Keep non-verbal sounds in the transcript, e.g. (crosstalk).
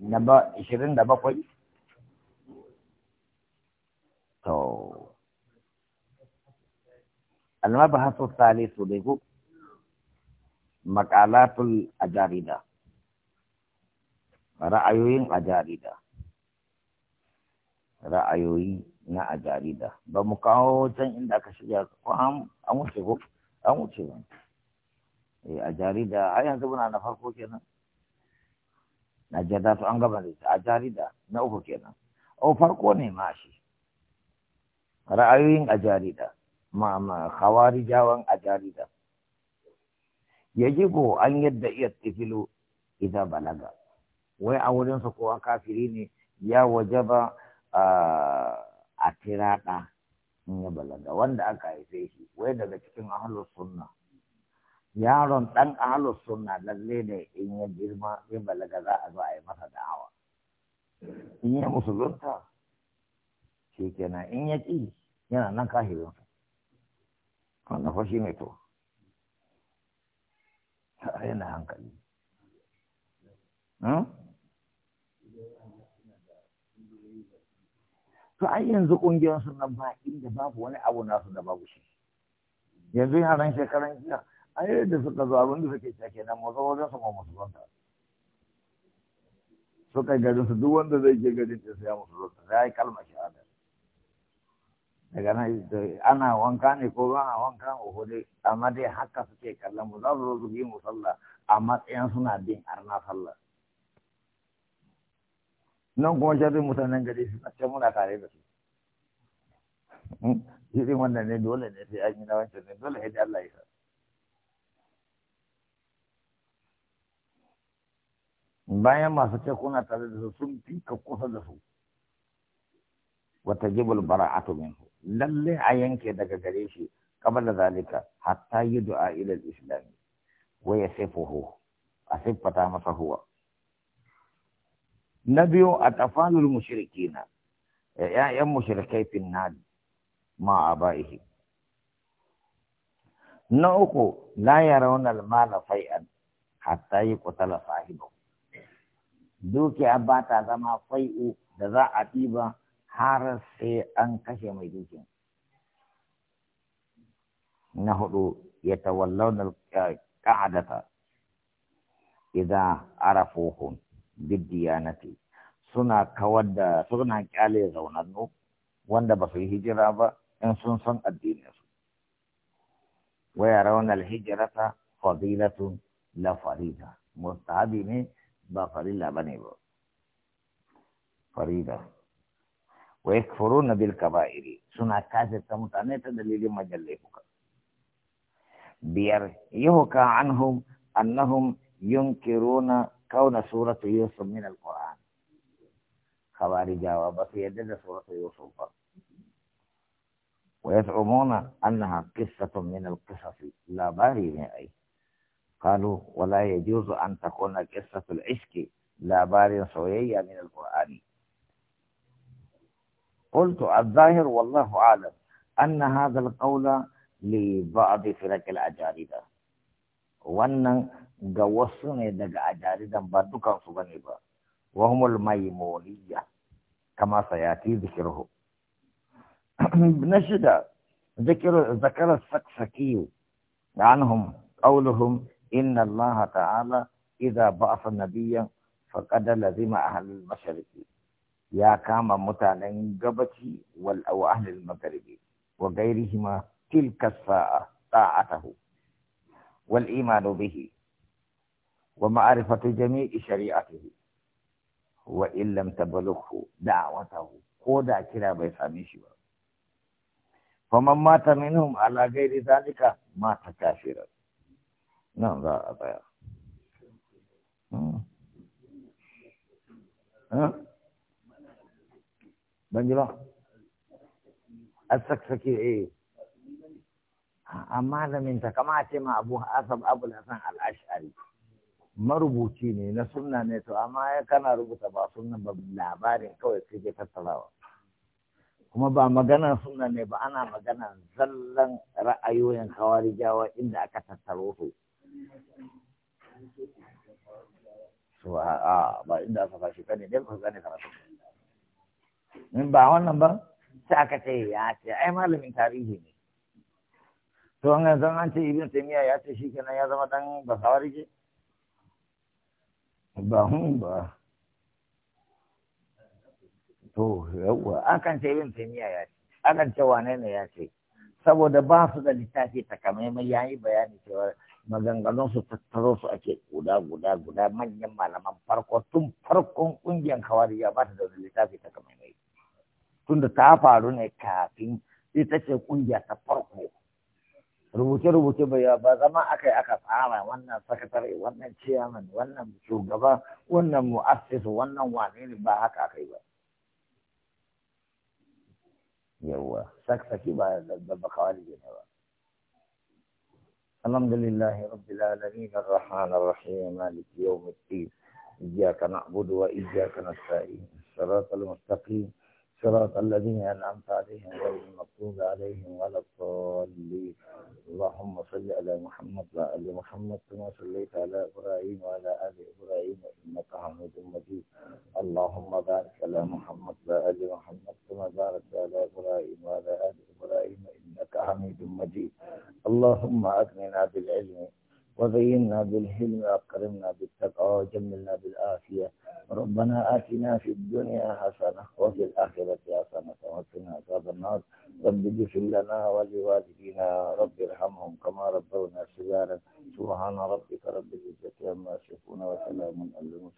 naba ishirin da bakwai to المبحث الثالث a jarida. Ra'ayoyin a jarida. Ra'ayoyi na jarida. ba mu kawo can inda aka shiga ko an wuce ko an wuce ba eh, a jarida har yanzu muna na farko kenan najeriya su an gama da ita a jarida na uku kenan o farko ne ma shi ra'ayoyin a jarida ma ma hawari jawan a jarida ko an yadda iya tifilo idan balaga wai a wurin wurinsa kowa kafiri ne ya wajaba a tirada, in ya balaga wanda aka haife shi wai daga cikin ahlus sunna yaron ɗan ahalus sunna lalle ne in ya girma in balaga za a zo a yi masa da'awa in ya musulunta shi kenan in ya ƙi yana nan kahirin wannan fashi mai to yana hankali hmm? to ai yanzu ƙungiyar sunan ba inda babu wani abu nasu da babu shi yanzu yaran shekaran jiya yi da suka zo abin da suke cike nan mu zo wajen su mu musulunta suka garin su duk wanda zai je garin ta sai musulunta sai yi kalmar shahada daga nan ana wanka ne ko ba a wanka a hudu amma dai haka suke kallon mu za su zo su yi mu sallah a matsayin suna bin arna sallah nan kuma sharrin mutanen gari suna ce muna tare da su irin hmm? wannan ne dole ne sai an yi na wancan ne dole sai Allah ya sa bayan masu na tare da su sun fi ka kusa da su wata jibul tumin su. lalle a yanke daga gare shi kamar da zalika hatta yi du'a ila islam wa yasifuhu a siffata masa huwa na biyu a tafalul mushrikina ya'yan mushrikai na ma a abaihi na uku la yarawna al-mala fai'an hatta yi qatala sahibu dukiya ba ta zama fai'u da za a ɗiba har sai an kashe mai dukiya na hudu ya tawallon ka'adata idan arafuhun biddiyanati suna kawar da suna kyale zaunannu wanda ba su yi hijira ba in sun san addininsu waya raunar hijirata fadilatun la farida mustahabi ne دا فریضه باندې وو فریضه و ایک فرون نبیل کبائر سنا کاسه تمتانه ته دلیل مجلې وکړه بیر عنهم انهم ينكرون كون سوره يوسف من القران خواری جواب په دې د سوره يوسف ويزعمون انها قصه من القصص لا باري من قالوا ولا يجوز أن تكون قصة العشق لا بار صويا من القرآن قلت الظاهر والله أعلم أن هذا القول لبعض فرق الأجاردة وأن قوصنا دق ne daga ajaridan وهم الميمونية كما سيأتي ذكره بنشد (clears throat) ذكر ذكر السكسكي عنهم قولهم إن الله تعالى إذا بعث نبيا فقد لزم أهل المشرق يا كام متعن قبتي أو أهل المغرب وغيرهما تلك الساعة طاعته والإيمان به ومعرفة جميع شريعته وإن لم تبلغه دعوته كودا كلا بيساميشي فمن مات منهم على غير ذلك مات كافرا nan za a tsaya ban ji ba a saksake eh amma da minta kama a ce ma abu asab abu hasan al-ash'ari marubuci ne na suna ne to amma ya kana rubuta ba sunan ba labarin kawai kake tattalawa. kuma ba magana suna ne ba ana magana zallan ra'ayoyin kawari jawa inda aka tattaro su so a ba inda aka fashi kane ne ba gane karatu in ba wannan ba sai aka ce ya ce ai malamin tarihi ne to an zan an ce ibn taymiya ya ce shikenan ya zama dan basawari ke? ba hun ba to yawa akan ce ibn taymiya ya ce akan ce wane ne ya ce saboda ba su da littafi takamaimai yi bayani cewa maganganun su tattaro su ake guda guda guda manyan malaman farko tun farkon kungiyar kawariya ba ta da wani littafi ta kamar mai tunda ta faru ne kafin ita ce kungiya ta farko rubuce-rubuce bai ba zama aka yi aka tsara wannan sakatare wannan ciyaman wannan shugaba wannan mu'assis wannan wane ne ba haka aka yi ba yawa sakasaki ba da ba bakawa ne ba الحمد لله رب العالمين الرحمن الرحيم مالك يوم الدين إياك نعبد وإياك نستعين صراط المستقيم صراط الذين أنعمت عليهم غير المغضوب عليهم ولا الضالين اللهم صل على محمد وعلى محمد كما صليت على إبراهيم وعلى آل إبراهيم إنك حميد مجيد اللهم بارك على محمد وعلى محمد كما باركت على إبراهيم وعلى آل حميد مجيد اللهم أغننا بالعلم وزينا بالحلم وأكرمنا بالتقوى وجملنا بالعافية ربنا آتنا في الدنيا حسنة وفي الآخرة حسنة وقنا عذاب النار رب اغفر لنا ولوالدينا رب ارحمهم كما ربونا صغارا سبحان ربك رب العزة عما يصفون وسلام على المرسلين